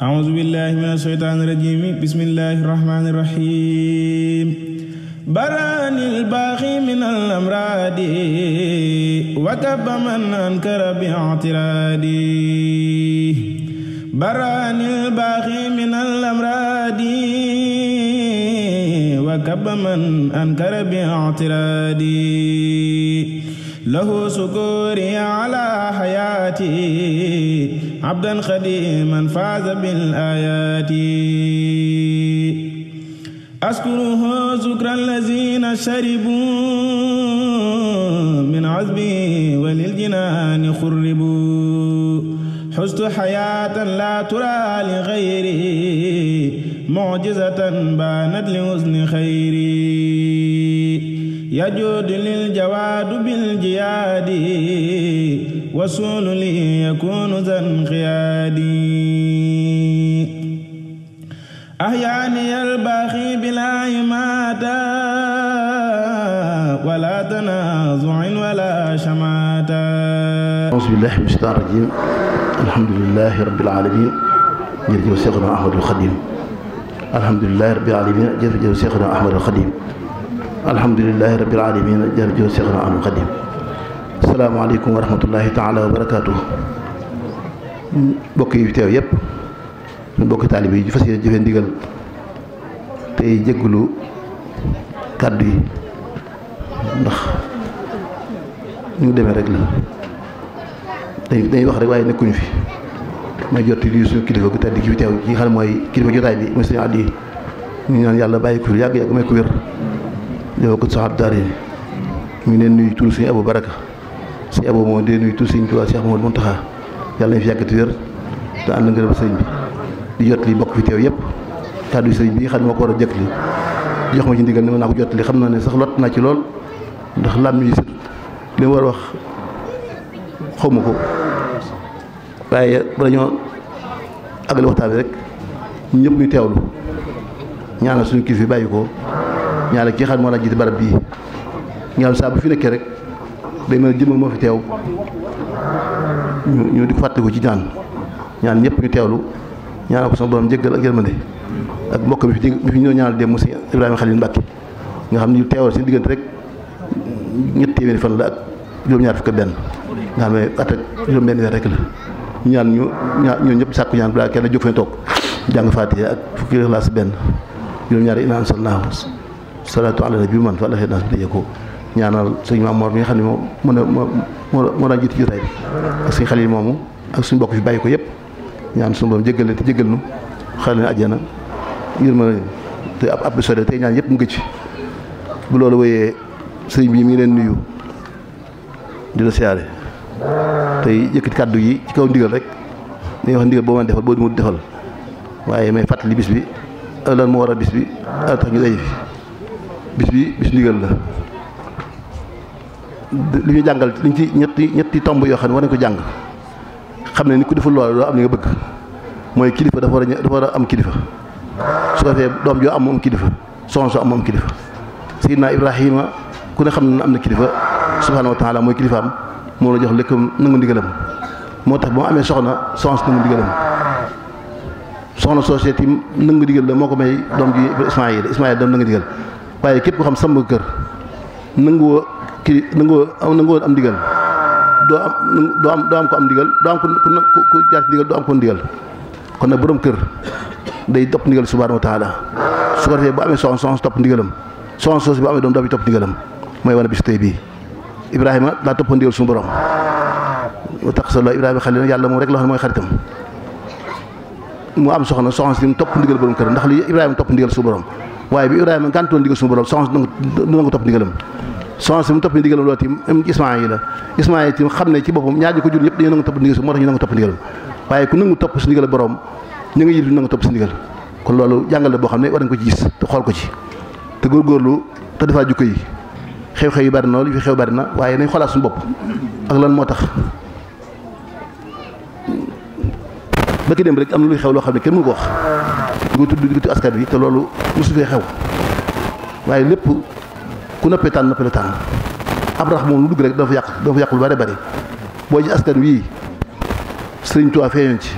أعوذ بالله من الشيطان الرجيم بسم الله الرحمن الرحيم بران الباغي من الأمراض وكب من أنكر باعترادي بران الباغي من الأمراض وكب من أنكر باعترادي له سكوري على حياتي abdan xadiman faaza bil ayaati askuruhu zukra allazina sharibu min azbi wa lil jinaani xurribu xustu xayaatan laa turaa li xayri mucjizatan baanat li husni xayri yajuudu lil jawaadu bil jiyaadi وسول لي يكون ذا انقيادي أحياني الباخي بلا يماتا ولا تنازع ولا شماتا أعوذ بالله من الشيطان الرجيم الحمد لله رب العالمين jërëjëf Seexuna Ahmadul Xadim alhamdulilahi rabbil alamin jërëjëf Seexuna Ahmadul Xadim alhamdulilahi rabbil alamin jërëjëf Seexuna Ahmadul Xadim asalaamaaleykum wa rahmatullahi taala wa barakaatu mbokk yi teew yëpp suñu taali bi yi fas yéene jëfe ndigal tey jéggulu kàddu yi ndax ñu ngi demee rek la dañu dañuy wax rek waaye nekkuñu fi may jot lii suñu kilifa gu tedd gi teew ci xam mooy kilifa jotaay bi mooy suñu àddi yi ñu ñaan yàlla bàyyi ko yàgg yàgg may ko wér defal ko saxaat daar ñu ngi leen nuyu tur suñu abu baraka si abo moom di nuyu tout sëñ Tuubaa Cheikh Mamadou Mountakha yàlla nañ fi yàggati wér te ànd ngërëm sëñ bi di jot li bokk fi teew yëpp kàddu sëñ bi xam ne moo ko war a jëkk li jox ma ci ndigal ni mën naa ko jot li xam na ne sax lot naa ci lool ndax làmm yi sët li mu war a wax xawma ko waaye bala ñoo àggale waxtaan bi rek ñëpp ñu teewlu ñaanal suñu kilifa bàyyi ko ñaanal ki xam moo la jiite barab bii ñaanal saa fi nekkee rek day mel jëmm moo fi teew ñu ñu di fàttaliku ci ñaan ñaan ñëpp ñu teewlu ñaanal ko sama borom jéggal ak yërmande ak mbokk mi fi mi fi ñëw ñaanal dem mu xam ne ñu teewal seen diggante rek ñett téeméeri fan la ak juróom-ñaar fukk benn nga xam ne at ak juróom-benn weer rek la ñu ñaan ñu ñoo ñëpp sàkku ñaan balaa kenn jóg fa toog jàng Faatiha ak fukki Ixlaas benn juróom-ñaari inna anzalnaahu salaatu ala nabi man fa alaxee nas bi ko ñaanal sëñ Maam Mor mi nga xam ne moom moo moo moo moo daan jiite jotaay bi ak suñ yi moomu ak suñ bokk fi bàyyi ko yëpp ñaan suñu borom jéggal leen te jéggal nu xale leen àjjana yërma leen te ab ab sore tey ñaan yëpp mu ngi ci bu loolu wéyee sëñ bi mi ngi leen nuyu di la siyaare tey yëkkati kàddu yi ci kaw ndigal rek dañuy wax ndigal boo mën defal boo du mu defal waaye may fàttali bis bi lan moo waral bis bi ala tax ñu day fi bis bi bis li ñu jàngal li ci ñetti ñetti tomb yoo xam ne war nañ ko jàng xam ne ni ku deful loolu doo am li nga bëgg mooy kilifa dafa war a dafa war a am kilifa su ko defee doom joo am mu am kilifa soxna soo ku xam am na kilifa subhaanahu wa taala mooy kilifaam moo la jox lekkam nangu ndigalam moo tax ba mu amee soxna soxna nangu ndigalam soxna société yi nangu ndigal la moo ko may doom ji Ismaayil Ismaayil doom nangu ndigal waaye képp ko xam sàmm kër nangu kii nangoo nangoo am ndigal doo am doo am doo am ko am ndigal doo am ko ku ku jaar ci kon nag borom kër day topp ndigal subhaanahu wa taala su ko defee bu amee soxna soxna topp ndigalam soxna soosu bu amee doom bi topp ndigalam mooy wane bis tey bii Ibrahima daa topp ndigal suñu borom tax sa loo Ibrahima xale yàlla moom rek la kër ndax li Ibrahima topp ndigal suñu borom waaye bi Ibrahima gàntoon ndigal suñu borom soxna si dina topp ndigalam. soxna si mu topp ndigalam loolu tim Ismaayil la Ismaayil tim xam ne ci boppam ñaar ñi ko jur ñëpp dañu nangu topp ndigal moo tax ñu nangu topp ndigalam waaye ku nangu topp si ndigal borom ñu ngi yit nangu topp si ndigal kon loolu jàngal la boo xam ne war nañ ko ci gis te xool ko ci te góorgóorlu te defaa jukko yi xew-xew yu bari na loolu yu fi xew bari na waaye nañ xoolaat suñu bopp ak lan moo tax ba ki dem rek am na luy xew loo xam ne kenn mënu ko wax di ko tudd di askan bi te loolu mosu fee xew waaye lépp ku nëppee tànn nëppee la tànn ab rax moom lu dugg rek dana fa yàq dana yàq lu bare bari boo ji askan wii sëriñ Tuubaa feeñoon ci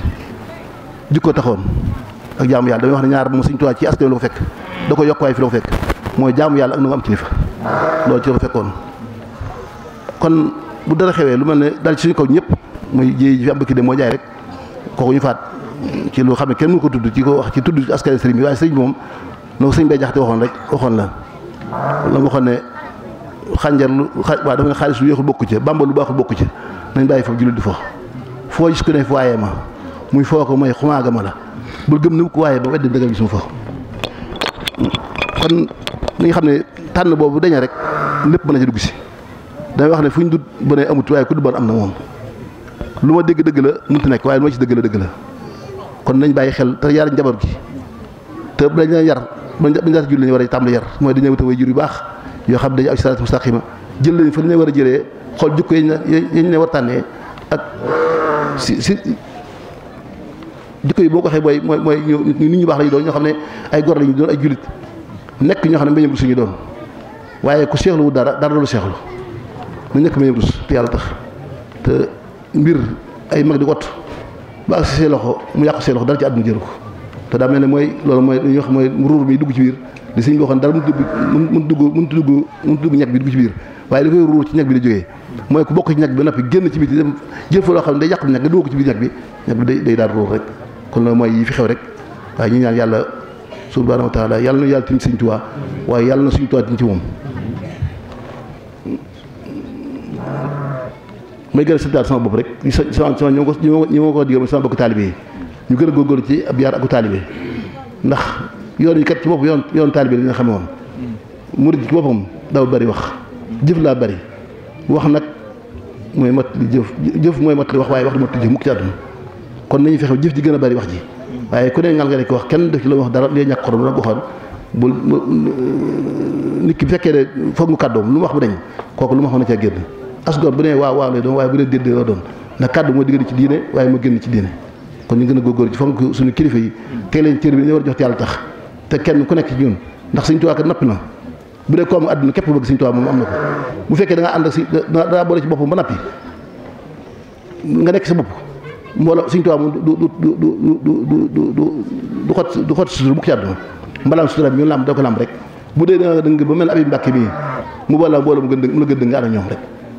jikko taxoon ak jaamu yàlla damay wax ne ñaar moom sëriñ Tuubaa ci askan la fekk da ko yokk fekk mooy jaamu yàlla ak na am kilifa loolu ci fekkoon kon bu dara xewee lu mel ne dal ci ñëpp muy ji fi am moo jaay rek kooku ñu faat xam ne kenn mënu ko tudd ci wax ci tudd askan sëriñ bi waaye sëriñ bi moom noo ko sëriñ bay jaxte waxoon rek waxoon la la ma xam ne xànjar lu waaw dafa ne xaalis lu yéexul bokk ci bàmba lu baaxul bokku ci nañ bàyyi foofu jullit di fo foo gis ku ne waaye ma muy foo ko may xumaaga ma la bul gëm ni ko waaye ba wedd mu fo nga xam ne tànn boobu daña rek lépp mën na ci dugg si damay wax ne fu ñu dut ba ne amut waaye ku du bon am na moom lu ma dégg dëgg la mënut nekk waaye lu ma ci dëgg la dëgg la kon nañ bàyyi xel te yar njaboot gi te dañ yar ba ñu daata julli lañu war a tàmbali yar mooy dañuy wuta way jur yu baax yoo xam dañu aw ci saraat mustaqima jël lañu fa ñu war a jëlee xool jukko yañ ne war tànnee ak si si jikko yi boo ko waxee mooy mooy mooy nit ñu baax lañu doon ñoo xam ne ay gor lañu doon ay jullit nekk ñoo xam ne mbañam rus ñu doon waaye ku seexlu wu dara dara loolu seexlu na nekk mbañam rus te yàlla tax te mbir ay mag di wot ba ak si see loxo mu yàqu see loxo dara ci àdduna jëru ko te daa mel ne mooy loolu mooy li mooy ruur bi dugg ci biir di sëñ bi waxoon dara mënut dugg mënut dugg mënut dugg ñag bi dugg ci biir waaye li koy ruur ci ñag bi la jógee mooy ku bokk ci ñag bi noppi génn ci loo xam ne day yàq ñag nga dugg ko bi day day daal ruur rek kon loolu mooy yi fi xew rek waaye ñu ñaan yàlla subhanahu wa taala yàlla na yàlla tim sëñ Tuubaa waaye yàlla na suñu Tuubaa tim ci moom may a santaat sama rek sama sama ñoo ko ñoo ko digal sama bokk taalibe yi ñu gën a góorgóorlu ci ab yar aku taalibe ndax yoon yi kat ci bopp yoon yoon taalibe li nga xame woon murid ci boppam daw bari wax jëf laa bari wax nag mooy mat li jëf jëf mooy matt li wax waaye wax du mat li jëf mukk ci kon nañu fexe jëf ji gën a bari wax ji waaye ku ne ngal nga ne wax kenn def la wax dara lee ñàkk xorom la waxoon bul nit ki bu fekkee ne foog lu wax bu dañ kooku lu ma xam ne caa génn asgoor bu ne waaw waaw lay doon waaye bu ne déedéet la doon ndax kàddu moo diggante ci diine waaye mu génn ci diine kon ñu gën a góorgóor ci fonk suñu kilifa yi tey leen cër bi ñu war jox te yàlla tax te kenn ku nekk ci ñun ndax suñ tuwaa kat na bu dee koomu àdduna képp bëgg suñ tuwaa bu fekkee da nga ànd ak si dangaa boole ci boppam ba nappi nga nekk sa bopp moom du du du du du du du du xot du xot sutura bu ko ci àdduna mbalaam bu da nga dëng mel abi mbàkke bii mu boolaa mbooloo mu gën dëng mu la gën dëng nga ànd ak ñoom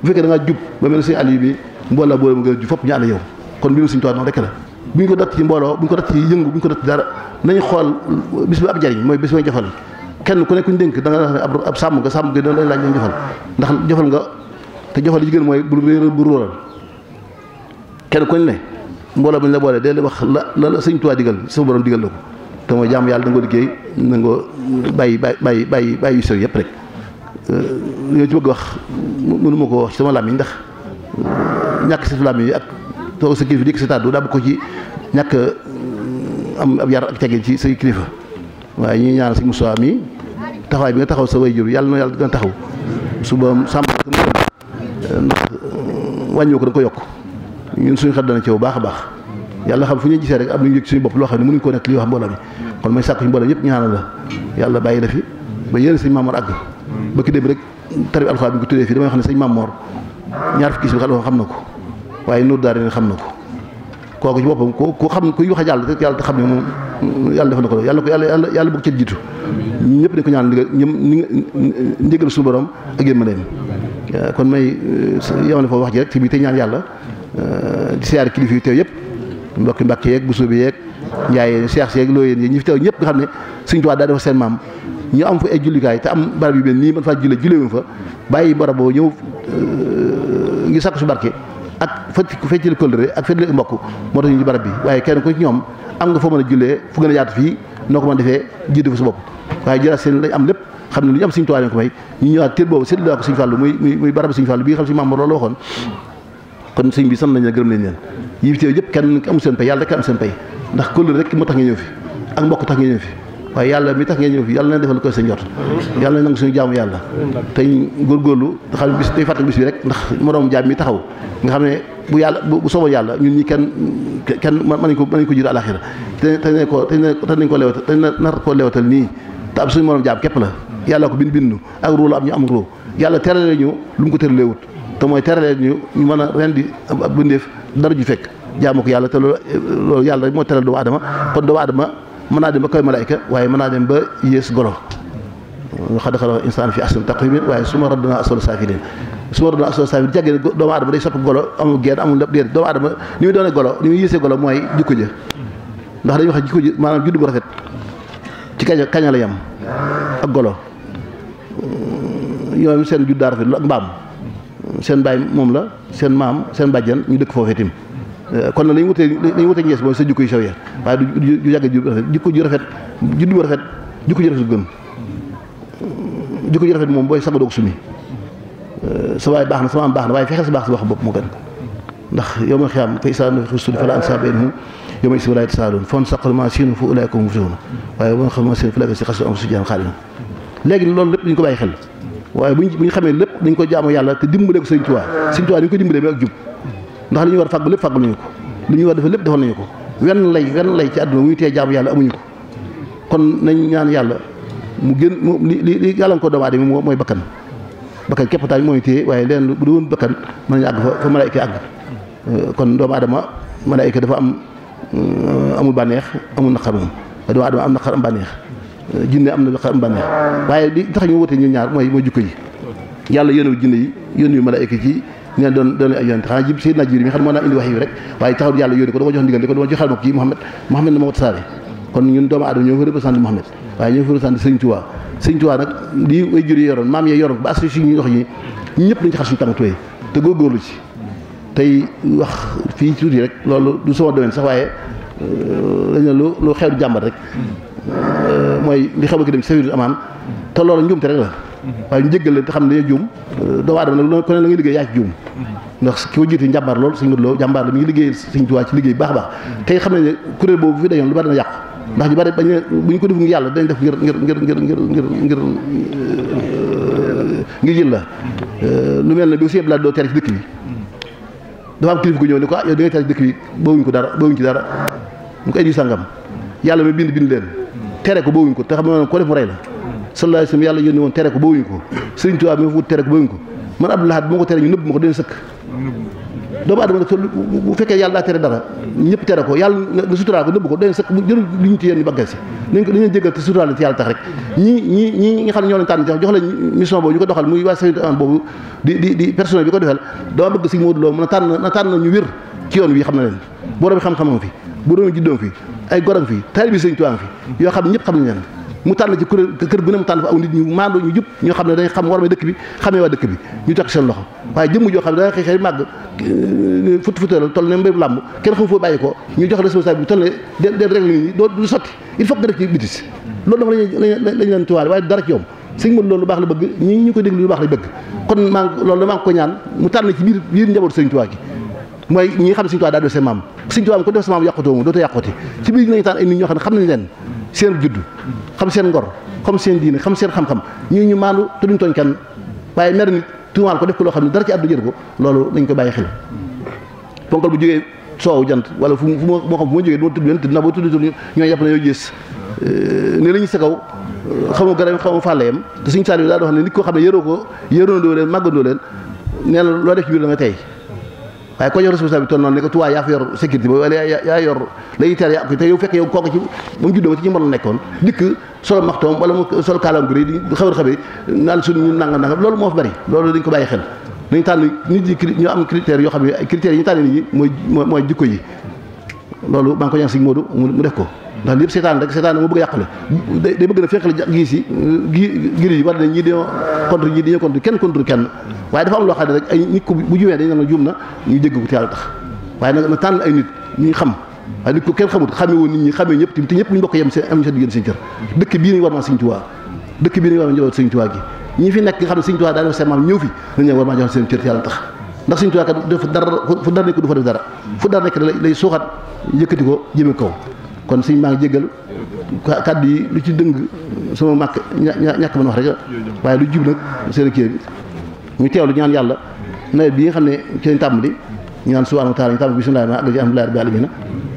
fekkee da jub ba mel suñu àll yi bi mboolaa mbooloo mu gën a jub fopp ñu ànd yow kon bi mu suñ noonu rek la bu ñu ko dott ci mbooloo bu ñu ko dott ci yëngu bu ñu ko dott ci dara nañu xool bis bi ab jariñ mooy bis mooy jëfal kenn ku nekk ñu dénk da nga ne ab ab sàmm nga sàmm nga doon lay laaj ñu jëfal ndax jëfal nga te jëfal li ci gën mooy bu réer bu ruural kenn ku ne mbooloo bu ñu la boolee day wax la la sëñ Tuubaa digal sa borom digal la ko te mooy jàmm yàlla da nga ko liggéey da nga ko bàyyi bàyyi bàyyi bàyyi yu sew yëpp rek yooyu euh, ci bëgg wax mënu ko wax ci sama làmmiñ ndax ñàkk si làmmiñ yi toog sa kilifa dikk sa tàddu daa ko ci ñàkk mm, am ab yar ak teggin ci say kilifa waaye ñuy ñaan si Moussa mi taxawaay bi nga taxaw sa way jur yàlla na yàlla gën taxaw su sàmm ndax mm, ko da ko yokk ñun suñu xel dana ci baax a baax yàlla xam fu ñu gisee rek am nañu yëg suñu bopp loo xam ne mënuñu ko nekk li wax mbooloo kon may sàkku ci mbooloo yëpp ñaanal la yàlla bàyyi la fi ba yéen sëñ Mamoor àgg bëkki dem rek tarib alxuraan bi ko tuddee fii damay wax ne sañ Mamoor ñaar xam na ko waaye Nuuru Daarayni xam na ko kooku ci boppam ku ku xam kuy wax ak yàlla rek yàlla xam ne moom yàlla def na ko yàlla ko yàlla yàlla bëgg ci jiitu ñun ñëpp dañ ko ñaan ndigal ñoom ndigal suñu borom ak yërmandeem kon may euh, yemale foofu wax ji ci biir tey yàlla euh, di siyaare kilifa yu teew yëpp mbokki mbàkk yeeg busoo bi yeeg njaayeen seex yeeg looyeen yeeg ñi fi teew ñëpp nga xam ne Sëñ Tuubaa daa dafa seen maam ñu am fa ay jullikaay te am barab yu mel nii ma faa julle julewuñ fa bàyyi barab boo ñëw euh, ngi sàkk su barke ak feccil kóllëre ak feccil mbokk moo tax ñu ci barab bi waaye kenn ku ñoom am nga foo mën a jullee fu gën a yaatu fii noo ko mën defee jiitu fa sa bopp waaye jëlaat seen lañ am lépp xam ne lu ñu am suñu tuwaay ko may ñu ñëwaat téel boobu seetlu naa ko suñu fàllu muy muy muy barab suñu fàllu bi nga xam si Maam Mor waxoon kon sëñ bi sant nañ la gërëm nañ leen yi fi teew yëpp kenn amu seen pay yàlla rek am seen pay ndax kóllëre rek moo waaye yàlla mi tax ngeen ñëw fi yàlla na defal ko seen jot yàlla na nangu suñu jaamu yàlla tey góorgóorlu xam bis tey fàttali rek ndax moroom jaam mi taxaw nga xam ne bu yàlla bu sooboo yàlla ñun ñi kenn kenn mën nañ ko mën nañ ko jur àlaxira te te nañ ko te nañ ko lewatal te nar koo lewatal nii te ab suñu moroom jaam képp la yàlla ko bind bindu ak ruu la am ñu am ruu yàlla terale ñu lu mu ko tëraleewut te mooy terale ñu ñu mën a rendi ab bindeef dara ju fekk jaamu ko yàlla te loolu loolu yàlla rek moo teral doomu aadama kon doomu aadama mën naa dem ba kaw malaayka waaye mën naa dem ba yées golo xad xalaqa insaan fi ahsani taqwiim waaye summa raddanaa asfala saafiliin summa raddanaa asfala saafiliin jàggee doomu adama day sopp golo amul geen amul lépp déet doomu adama ni muy doone golo ni muy yéesee golo mooy jikko ja ndax dañuy wax jikko ji maanaam juddu bu rafet ci kaña kaña la yem ak golo ñoom seen judd daa rafet ak mbaam seen baay moom la seen maam seen bàjjan ñu dëkk foofee kon na lañu wutee lañu wutee ngees mooy sa jikko yu waaye du du yàgg jikko ju rafet juddu rafet jikko ju rafet gën jikko ju rafet moom booy sago doog sumi euh, sa waay baax na sama am baax na waaye fexeel sa baax sa wax bopp mu gën ndax yow ma xiyaam fa isaa nafi xustul fala ansa baynahum yow ma isib laa tasaalun fon saqal ma siinu fa ulaayka hum muflihuna waaye ma xam ma loolu lépp dañu ko bàyyi xel waaye buñ bu ñu xamee lépp dañ ko jaamu yàlla te dimbalee ko sëñ Tuubaa sëñ Tuubaa dañ ko dimbalee bi ak jub ndax li ñu war a fàggu lépp fàggu nañu ko li ñu war a defal lépp defal nañu ko wenn lay wenn lay ci àdduna wuy tee jaamu yàlla amuñu ko kon nañ ñaan yàlla mu gën mu li li li gàllankoor doomu aadama mi mooy bakkan képp taal mooy téye waaye leen bu doon bakkan mën nañu àgg fa fa malaayka àgg euh, kon doomu aadama malaayka dafa am euh, amul bànneex amul naqar moom doomu aadama am na naqar am bànneex euh, jinne am na naqar am bànneex waaye li tax ñu wutee ñu ñaar mooy mooy jukko yi yàlla yónni jinne yi yónni malaayka ci ñu leen doon doon ay yonent xanaa jib Seydina Jibril mi xam ne moo naa indi wax yi rek waaye taxawul yàlla yónni ko dama jox ndigal li ko dama joxal ma ko ci Muhammad na ma ko tasaare kon ñun doomu aadama ñoo ñoo fa yi yoroon maam yee yoroon ba assi si ñu dox yi ñëpp nañ ci xar suñu tànk tooy te góorgóorlu ci tey wax fii tuuti rek loolu du sama domaine sax waaye euh, dañ ne lu lu xew jàmbat rek euh, mooy li xew a ki dem ci safiru amaan te loolu njuumte rek la waaye njëggal leen te xam ne dañoo juum doomu aadama nag ku ne la ngay liggéey yaa ci juum ndax ki ko jiitu lool suñ loo jàmbaar la mi ngi liggéey Sëñ Tuubaa ci liggéey baax baax tey xam ne ne kuréel boobu fi dañoon lu bari dana yàqu ndax ñu bari bañ bu ko def yàlla dañ def ngir ngir ngir ngir ngir ngir ngir yël la ne bi sieb laa doo dëkk bi dafa am kilifa gu ñëw ko ah di ngay ko dara bawuñ ci dara mu ko ay di sàngam yàlla ma bind bind leen tere ko bawuñ ko te xam ne ko def mu rey la sallallahu alayhi wa sallam yàlla yónni woon tere ko ba wuñ ko Sëriñ Tuubaa mi ma fa wut tere ko ba ko man Abdou Lahad bu ma ko tere ñu nëbb ma ko dina sëkk doomu adama fekkee yàlla daa tere ñëpp tere ko yàlla nga suturaal ko ko doy ñu ci yéen baggal si ñi nga xam ne ñoo leen tànn jox jox mission boobu ñu ko doxal muy waa Sëriñ Tuubaa boobu di di di personnel bi ko defal dama bëgg Sëriñ a tànn na tànn ñu wér ci yoon wi xam na leen fi yoo xam ñëpp xam nañ leen mu tànn ci kuréel kër gu ne mu tànn fa aw nit ñu maandoo ñu jub ñoo xam ne dañ xam war ma dëkk bi xamee waa dëkk bi ñu jox seen loxo waaye jëmm joo xam ne da nga euh, ne mbéyum ko ñu jox responsable bi toll ne den den règle nit ñi doo du sotti il ko déglu lu baax kon maa ngi loolu ñaan mu tànn ci biir biir njabootu sëñ xam ne sëñ Tuubaa daa def seen maam sëñ Tuubaa ko def sa maam yàqutoo mu dootoo yàqoti ci biir nañu tànn ay nit ñoo xam ne xam nañ leen seen juddu xam seen ngor xam seen diine xam seen xam-xam ñuy ñu maandu te duñ tooñ kenn waaye mer nit tuumaal ko def ko loo xam ne dara ci àdduna jër ko loolu nañ ko bàyyi xel ponkal bu jógee soow jant wala fu mu moo xam fu ma jógee du ma tudd leen tudd na boo ñooy yàpp na yooyu gis euh, ne lañu sa kaw euh, xamu garab xamu fàlle yam te suñu saal bi daa doo xam ne nit koo xam ne yëroo ko yëroo doo leen màggandoo leen nee na loo def ci biir da tey waaye ko yor responsable bi toll noonu ne ko tuwaa yaa fi yor sécurité ba wala yaa yor lañuy teer yaa ko te yow fekk yow kooku ci ba mu juddoo ba ci ñu la nekkoon dikk solo maxtoom wala mu solo kaalaam gi di xabar xabar naan suñ ñu nangam loolu moo fi bari loolu dañ ko bàyyi xel dañu tànn nit ñi ñu am critères yoo xam ne critères yi ñu tànn nit ñi mooy mooy jikko yi loolu maa ngi ko ñaan sëñ Modou mu def ko ndax lépp seetaan rek seetaan moo bëgg a yàqale day bëgg na fekkale gii si gi giri yi war na ñii dañoo contre ñii dañoo contre kenn contre kenn waaye dafa am loo xam ne rek ay nit ñu xam waaye nit ko kenn xamut xamee woon nit ñi seen cër dëkk bii nañu war maa fi nekk nga xam ne sëñ Tuubaa daa def seen maam cër te yàlla tax ndax sëñ Tuubaa def dara fu dara nekk du lay suuxat yëkkati ko jëme kaw kon sëñ maa ngi jéggalu kàddu yi lu ci dëng sama màkk ñàkk mën wax rek waaye lu jib nag seen kii bi ñu teewlu ñaan yàlla nawet bi nga xam ne ci lañ tàmbali ñu naan subhaanahu wa taala ñu tàmbali bismillah ma àgg ci alhamdulillahi rabbil alamin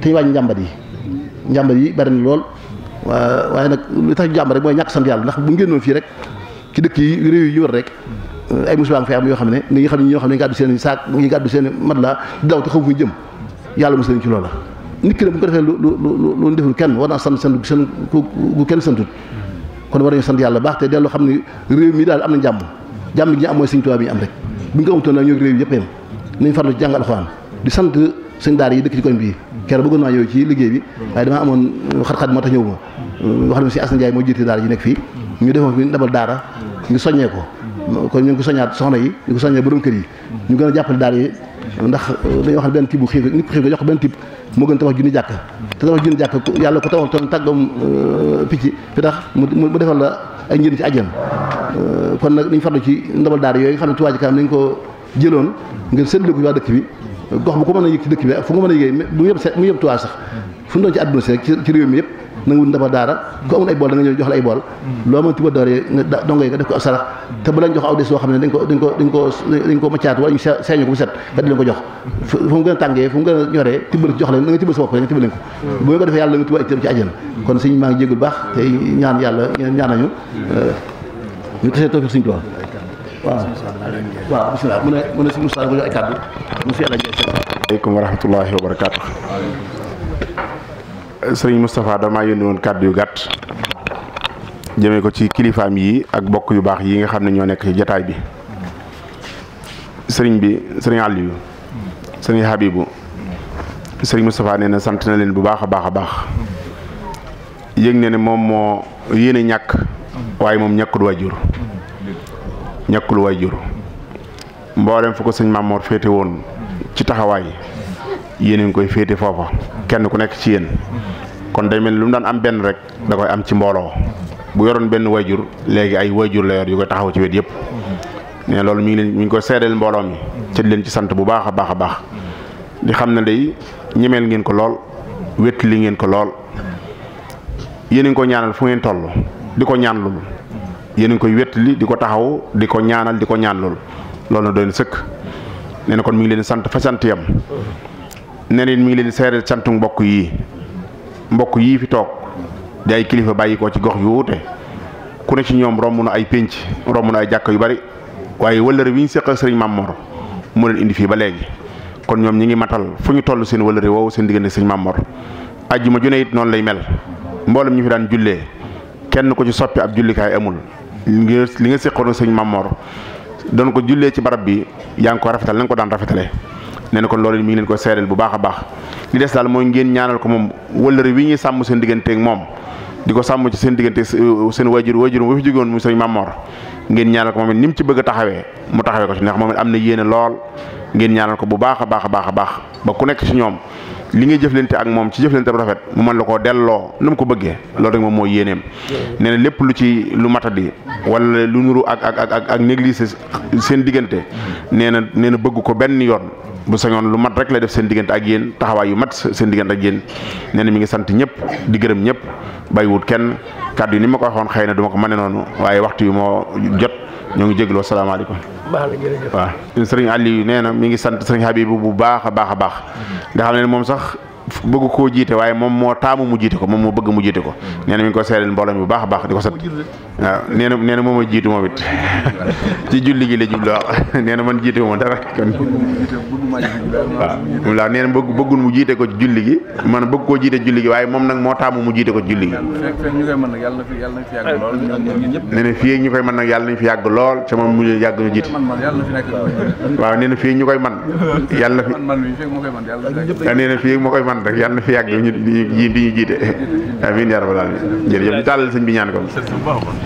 te ñu wàññi njàmbat yi njàmbat yi bari na lool waaye nag lu tax jàmb rek mooy ñàkk sant yàlla ndax bu ngénnoon fii rek ki dëkk yi réew yi wër rek ay musiba nga am yoo xam ne ni nga xam ne ñoo xam ne ngi gàddu seen saak ngi gàddu seen mat la daw te xaw fu jëm yàlla mos ci loola nit ki nag bu ko defee lu lu lu lu deful kenn war naa sant sant seen ku ku kenn santut kon war nañu sant yàlla baax te dellu xam ne réew mi daal am na jàmm jàmm gi ñu am mooy sëñ bi ñu am rek bu ñu ko amutoon nag ñoo réew yëpp yem nañ farlu ci jàng alxuraan di sant sëñ daara yi dëkk ci koñ bii keroog bëggoon naa yow ci liggéey bi waaye damaa amoon xat-xat moo tax ñëw ma wax na si Assane Ndiaye moo jiite daara ji nekk fii ñu defoon fi ndabal daara ñu soññee ko kon ñu ngi ko soxna yi ñu ko soññee borom kër yi ñu gën a jàppale daara yi ndax dañoo wax bu xiif nit ko xiif moo gën tabax junni jàkk te tabax junni jàkk yàlla ko tawoon toon tàggam euh, picc fi tax mu defal la ay njëriñ ci ajjam euh, kon nag dañu farlu ci ndabal daar yooyu nga xam ne Touba Ca Kanam nañ ko jëloon ngir seetlu ko waa dëkk bi gox bu ko mën a yëg ci dëkk bi fu nga mën a yëgee mu yëpp mu yëpp Touba sax fu mu ci àdduna si ci réew mi yëpp nanga wut ndaba daara ku amul ay bool da nga ñëw jox la ay bool hmm. loo mën tuba doore nga dongo yi nga def ko ab sarax te bu lañ jox aw des soo xam ne dañ ko dañ ko dañ ko dañ ko maccaat wala ñu seeñu hmm. mu gën a a ñoree tibbal jox leen nga tibbal sa bopp nga tibbal leen ko hmm. bu nga ko defee yàlla nga tuba itam ci àjjana kon suñu maa ngi jégul baax te ñaan yàlla ñaan nañu ñu tasee tawfiq suñu tuba waaw waaw bisimilah mu ne mu ne si Moussa ko jox ay kàddu mu si yàlla aleykum wa rahmatullahi sëriñ Moustapha damaa yónni woon kàddu yu gàtt jëmee ko ci kilifaam yi ak bokk yu baax yi nga xam ne ñoo nekk ci jataay bi sëriñ bi sëriñ Aliou sëriñ Habibu sëriñ Moustapha nee sant na leen bu baax a baax a baax yëg na ne moom moo yéene ñàkk waaye moom ñàkkul waajur ñàkkul waajur mboolem fu ko sëñ Mamoor féete woon ci taxawaay yéen a ngi koy féete foofa kenn ku nekk ci yenn kon day mel ni lu mu daan am benn rek da koy am ci mbooloo bu yoroon benn wayjur léegi ay wayjur la yor yu koy taxaw ci wet yëpp ne loolu mi ngi leen mi ngi koy seedeel mbooloo mi ci leen ci sant bu baax baax baax di xam ne day ñemeel ngeen ko lool wet li ngeen ko lool yéen a ko ñaanal fu ngeen toll di ko ñaan yéen a koy wet li di ko taxaw di ko ñaanal di ko ñaan lul loolu na doon sëkk nee kon mi ngi leen sant fa sant yam nee na mi ngi leen seedeel santu mbokk yi mbokk yii fi toog di ay kilifa bàyyi ko ci gox yu wuute ku ne ci ñoom romb na ay pénc romb na ay jàkk yu bari waaye wëllëre wi ñu seqal sëriñ Mamor mu leen indi fii ba léegi kon ñoom ñi ngi matal fu ñu toll seen wëllëre woowu seen diggante sëriñ Mamor ajjuma ma ne it noonu lay mel mboolem ñu fi daan jullee kenn ko ci soppi ab jullikaay amul li nga seqoon sëriñ Mamor doon ko jullee ci barab bi yaa ngi ko rafetal na ko daan rafetale nee na kon loolu mi ngi leen ko seereel bu baax a baax li des daal mooy ngeen ñaanal ko moom wëllëre wi ñuy sàmm seen digganteeg moom di ko sàmm ci seen diggante euh, seen wajur wajur bu fi jóge woon mu sëñ Mamor ngeen ñaanal ko moom ni mu ci bëgg taxawee mu taxawee ko ci moom it am na yéene lool ngeen ñaanal ko bu baax a baax a baax a baax ba nekk ci ñoom li ngay jëflante ak moom ci jëflante bu rafet mu mën la koo delloo nu mu ko bëggee loolu rek moom moo yéeneem nee na lépp lu ci lu matadi wala lu nuru ak ak ak ak négligé seen diggante nee na nee na bëgg ko benn yoon bu sañoon lu mat rek la def seen diggante ak yéen taxawaay yu mat seen diggante ak yéen nee mi ngi sant ñëpp di gërëm ñëpp bàyyiwut kenn kàddu yi ni ma ko waxoon xëy na duma ko ma a noonu waaye waxtu yu moo jot ñoo ngi jégalu asalaamaaleykum. baax na jërëjëf waaw sëriñ Aliou nee na mi ngi sant sëriñ Habibou bu baax a baax a baax nga xam ne moom sax. bëgg koo jiite waaye moom moo taamu mu jiite ko moom moo bëgg mu jiite ko mm-hmm. nee na mi ngi ko seedeel mbooloo bu baax a baax di ko sant waaw nee na nee na moom a jiitu moom it ci julli gi la jublu waaw nee na man jiite moom dara kon waaw moom laa nee na bëgg mu jiite ko ci julli man bëgg koo jiite julli waaye moom nag moo taamu mu jiite ko ci ñu koy mën nag yàlla nañ fi yàgg lool sama mu yàgg ñu jiite waaw nee fii ñu koy man yàlla fi nee fii moo koy man rek yàlla na fi yàgg ñu di ñu jiite amiin yaa rabbal aalamiin jërëjëf ñu tàllal sëñ bi ñaan ko